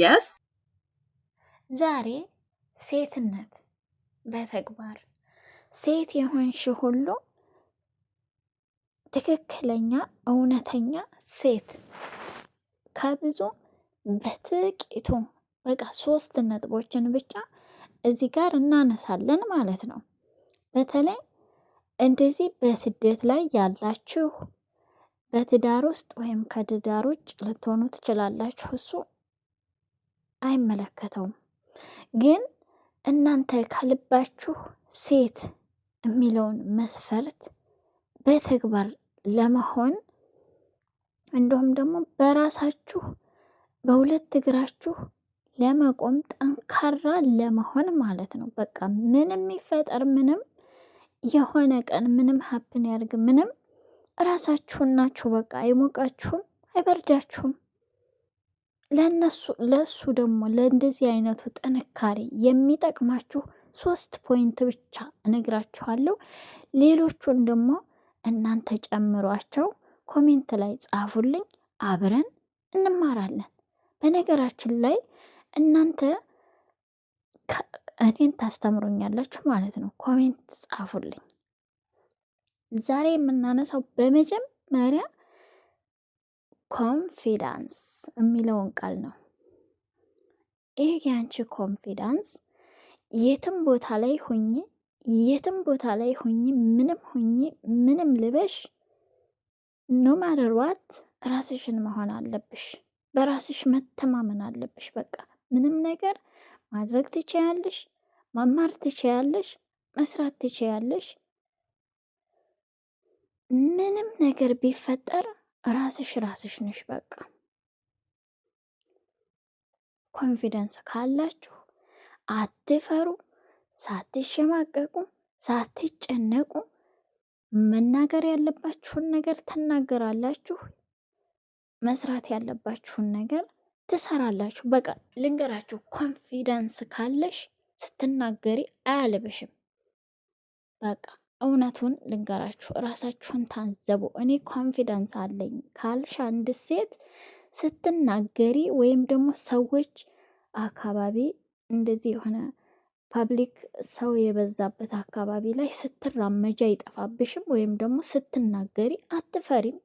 የስ ዛሬ ሴትነት በተግባር ሴት የሆንሽ ሁሉ ትክክለኛ እውነተኛ ሴት ከብዙ በጥቂቱ በቃ ሶስት ነጥቦችን ብቻ እዚህ ጋር እናነሳለን ማለት ነው። በተለይ እንደዚህ በስደት ላይ ያላችሁ በትዳር ውስጥ ወይም ከትዳር ውጭ ልትሆኑ ትችላላችሁ። እሱ አይመለከተውም። ግን እናንተ ከልባችሁ ሴት የሚለውን መስፈርት በተግባር ለመሆን እንዲሁም ደግሞ በራሳችሁ በሁለት እግራችሁ ለመቆም ጠንካራ ለመሆን ማለት ነው። በቃ ምንም ይፈጠር፣ ምንም የሆነ ቀን ምንም ሀፕን ያርግ ምንም ራሳችሁን ናችሁ። በቃ አይሞቃችሁም፣ አይበርዳችሁም። ለእነሱ ለእሱ ደግሞ ለእንደዚህ አይነቱ ጥንካሬ የሚጠቅማችሁ ሶስት ፖይንት ብቻ እነግራችኋለሁ። ሌሎቹን ደግሞ እናንተ ጨምሯቸው ኮሜንት ላይ ጻፉልኝ፣ አብረን እንማራለን። በነገራችን ላይ እናንተ እኔን ታስተምሩኛላችሁ ማለት ነው። ኮሜንት ጻፉልኝ። ዛሬ የምናነሳው በመጀመሪያ ኮንፊዳንስ የሚለውን ቃል ነው። ይህ የአንቺ ኮንፊዳንስ የትም ቦታ ላይ ሁኝ የትም ቦታ ላይ ሁኝ ምንም ሁኝ ምንም ልበሽ ኖ ማተር ዋት ራስሽን መሆን አለብሽ። በራስሽ መተማመን አለብሽ። በቃ ምንም ነገር ማድረግ ትችያለሽ፣ መማር ትችያለሽ፣ መስራት ትችያለሽ። ምንም ነገር ቢፈጠር ራስሽ ራስሽ ነሽ። በቃ ኮንፊደንስ ካላችሁ አትፈሩ፣ ሳትሸማቀቁ፣ ሳትጨነቁ መናገር ያለባችሁን ነገር ትናገራላችሁ፣ መስራት ያለባችሁን ነገር ትሰራላችሁ። በቃ ልንገራችሁ፣ ኮንፊደንስ ካለሽ ስትናገሪ አያልብሽም። በቃ እውነቱን ልንገራችሁ፣ እራሳችሁን ታዘቡ። እኔ ኮንፊደንስ አለኝ ካልሽ አንድ ሴት ስትናገሪ ወይም ደግሞ ሰዎች አካባቢ እንደዚህ የሆነ ፓብሊክ ሰው የበዛበት አካባቢ ላይ ስትራመጃ አይጠፋብሽም። ወይም ደግሞ ስትናገሪ አትፈሪም።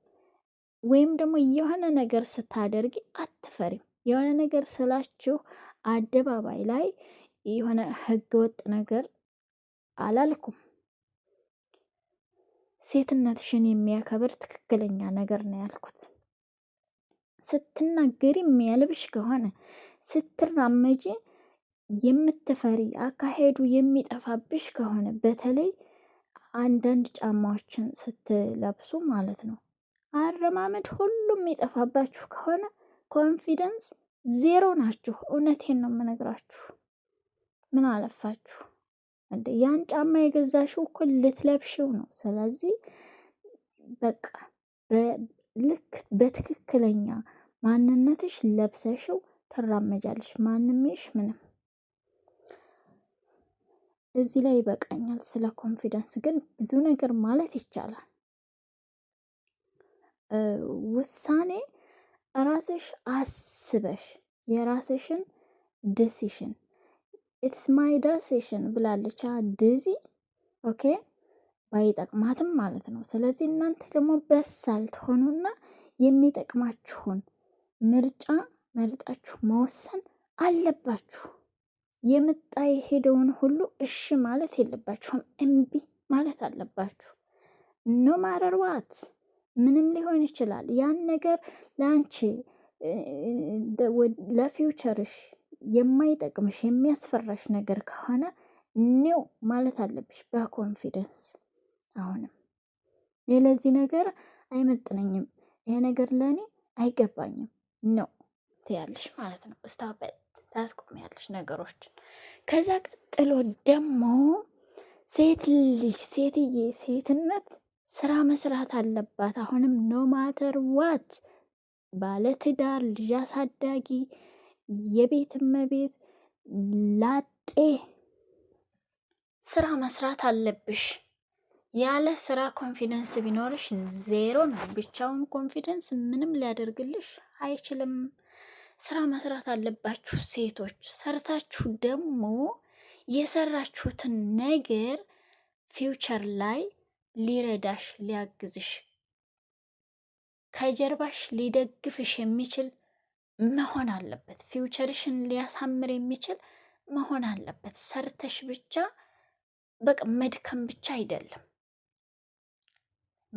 ወይም ደግሞ የሆነ ነገር ስታደርጊ አትፈሪም። የሆነ ነገር ስላችሁ አደባባይ ላይ የሆነ ህገወጥ ነገር አላልኩም። ሴትነትሽን የሚያከብር ትክክለኛ ነገር ነው ያልኩት። ስትናገሪ የሚያልብሽ ከሆነ ስትራመጂ የምትፈሪ አካሄዱ የሚጠፋብሽ ከሆነ በተለይ አንዳንድ ጫማዎችን ስትለብሱ ማለት ነው አረማመድ ሁሉም የጠፋባችሁ ከሆነ ኮንፊደንስ ዜሮ ናችሁ። እውነቴን ነው የምነግራችሁ። ምን አለፋችሁ ያን ጫማ የገዛሽው እኮ ልትለብሽው ነው። ስለዚህ በቃ ልክ በትክክለኛ ማንነትሽ ለብሰሽው ትራመጃለሽ። ማንምሽ ምንም እዚህ ላይ ይበቃኛል። ስለ ኮንፊደንስ ግን ብዙ ነገር ማለት ይቻላል። ውሳኔ ራስሽ አስበሽ የራስሽን ዲሲሽን ኢትስ ማይ ዳሴሽን ብላለች ዴዚ። ኦኬ ባይጠቅማትም ማለት ነው። ስለዚህ እናንተ ደግሞ በሳል ትሆኑና የሚጠቅማችሁን ምርጫ መርጣችሁ መወሰን አለባችሁ። የምጣ የሄደውን ሁሉ እሺ ማለት የለባችሁም፣ እምቢ ማለት አለባችሁ። ኖ ማረር ዋት ምንም ሊሆን ይችላል። ያን ነገር ለአንቺ ለፊውቸርሽ የማይጠቅምሽ የሚያስፈራሽ ነገር ከሆነ ኒው ማለት አለብሽ በኮንፊደንስ አሁንም ለዚህ ነገር አይመጥነኝም፣ ይሄ ነገር ለእኔ አይገባኝም ነው ትያለሽ ማለት ነው። እስታበ ታስቆሚያለሽ ነገሮች ከዛ ቀጥሎ ደግሞ ሴት ልጅ ሴትዬ ሴትነት ስራ መስራት አለባት። አሁንም ኖ ማተር ዋት ባለትዳር ልጅ አሳዳጊ የቤት እመቤት ላጤ ስራ መስራት አለብሽ። ያለ ስራ ኮንፊደንስ ቢኖርሽ ዜሮ ነው። ብቻውን ኮንፊደንስ ምንም ሊያደርግልሽ አይችልም። ስራ መስራት አለባችሁ ሴቶች። ሰርታችሁ ደግሞ የሰራችሁትን ነገር ፊውቸር ላይ ሊረዳሽ ሊያግዝሽ ከጀርባሽ ሊደግፍሽ የሚችል መሆን አለበት። ፊውቸርሽን ሊያሳምር የሚችል መሆን አለበት። ሰርተሽ ብቻ በቃ መድከም ብቻ አይደለም።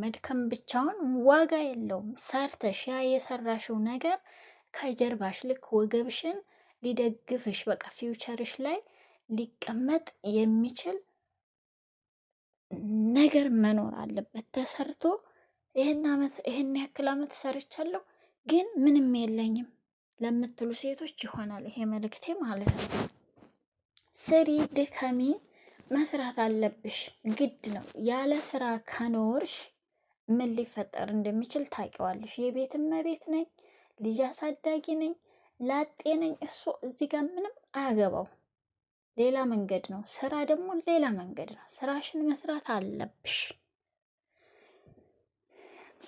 መድከም ብቻውን ዋጋ የለውም። ሰርተሽ ያ የሰራሽው ነገር ከጀርባሽ ልክ ወገብሽን ሊደግፍሽ በቃ ፊውቸርሽ ላይ ሊቀመጥ የሚችል ነገር መኖር አለበት። ተሰርቶ ይህን ያክል ዓመት ሰርቻለሁ ግን ምንም የለኝም ለምትሉ ሴቶች ይሆናል ይሄ መልእክቴ ማለት ነው። ስሪ፣ ድከሚ፣ መስራት አለብሽ ግድ ነው። ያለ ስራ ከኖርሽ ምን ሊፈጠር እንደሚችል ታውቂዋለሽ። የቤት እመቤት ነኝ፣ ልጅ አሳዳጊ ነኝ፣ ላጤ ነኝ። እሱ እዚህ ጋር ምንም አያገባው። ሌላ መንገድ ነው። ስራ ደግሞ ሌላ መንገድ ነው። ስራሽን መስራት አለብሽ።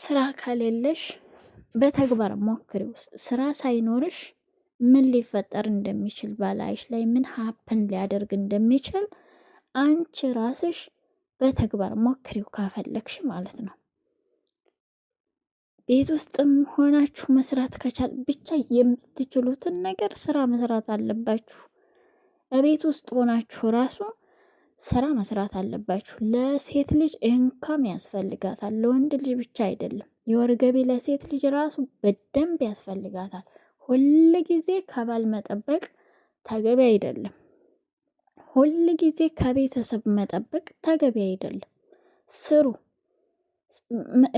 ስራ ከሌለሽ በተግባር ሞክሪው። ስራ ሳይኖርሽ ምን ሊፈጠር እንደሚችል በላይሽ ላይ ምን ሀፕን ሊያደርግ እንደሚችል አንቺ ራስሽ በተግባር ሞክሪው ካፈለግሽ ማለት ነው። ቤት ውስጥም ሆናችሁ መስራት ከቻል ብቻ የምትችሉትን ነገር ስራ መስራት አለባችሁ። በቤት ውስጥ ሆናችሁ ራሱ ስራ መስራት አለባችሁ። ለሴት ልጅ ኢንካም ያስፈልጋታል፣ ለወንድ ልጅ ብቻ አይደለም። የወር ገቢ ለሴት ልጅ ራሱ በደንብ ያስፈልጋታል። ሁል ጊዜ ከባል መጠበቅ ተገቢ አይደለም። ሁል ጊዜ ከቤተሰብ መጠበቅ ተገቢ አይደለም። ስሩ፣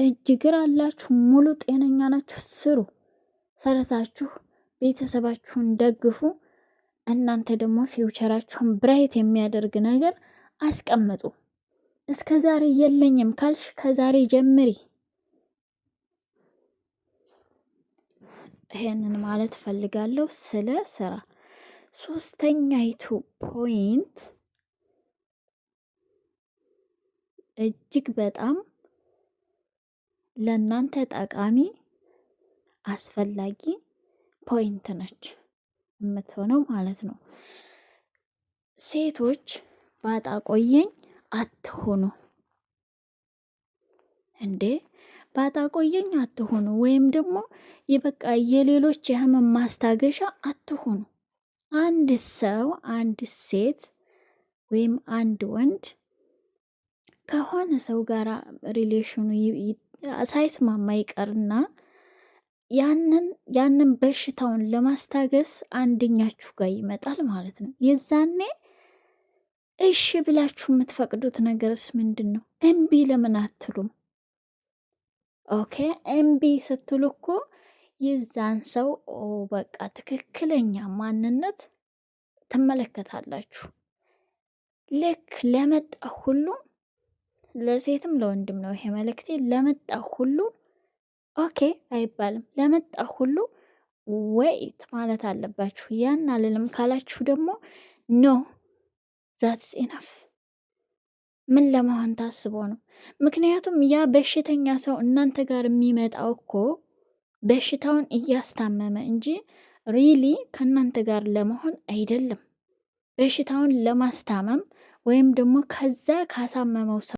እጅግር አላችሁ፣ ሙሉ ጤነኛ ናችሁ፣ ስሩ። ሰርታችሁ ቤተሰባችሁን ደግፉ። እናንተ ደግሞ ፊውቸራችሁን ብራይት የሚያደርግ ነገር አስቀምጡ። እስከ ዛሬ የለኝም ካልሽ ከዛሬ ጀምሪ። ይሄንን ማለት ፈልጋለሁ ስለ ስራ። ሶስተኛይቱ ፖይንት እጅግ በጣም ለእናንተ ጠቃሚ አስፈላጊ ፖይንት ነች የምትሆነው ማለት ነው። ሴቶች ባጣ ቆየኝ አትሆኑ እንዴ ባጣቆየኝ አትሆኑ፣ ወይም ደግሞ በቃ የሌሎች የህመም ማስታገሻ አትሆኑ። አንድ ሰው አንድ ሴት ወይም አንድ ወንድ ከሆነ ሰው ጋር ሪሌሽኑ ሳይስማማ ይቀርና ያንን ያንን በሽታውን ለማስታገስ አንደኛችሁ ጋር ይመጣል ማለት ነው። የዛኔ እሺ ብላችሁ የምትፈቅዱት ነገርስ ምንድን ነው? እምቢ ለምን አትሉም? ኦኬ ኤምቢ ስትሉ እኮ የዛን ሰው በቃ ትክክለኛ ማንነት ትመለከታላችሁ። ልክ ለመጣ ሁሉ ለሴትም ለወንድም ነው ይሄ መልእክቴ። ለመጣ ሁሉ ኦኬ አይባልም። ለመጣ ሁሉ ወይት ማለት አለባችሁ። ያን አልልም ካላችሁ ደግሞ ኖ ዛትስ ኢናፍ ምን ለመሆን ታስቦ ነው? ምክንያቱም ያ በሽተኛ ሰው እናንተ ጋር የሚመጣው እኮ በሽታውን እያስታመመ እንጂ ሪሊ ከእናንተ ጋር ለመሆን አይደለም። በሽታውን ለማስታመም ወይም ደግሞ ከዛ ካሳመመው ሰው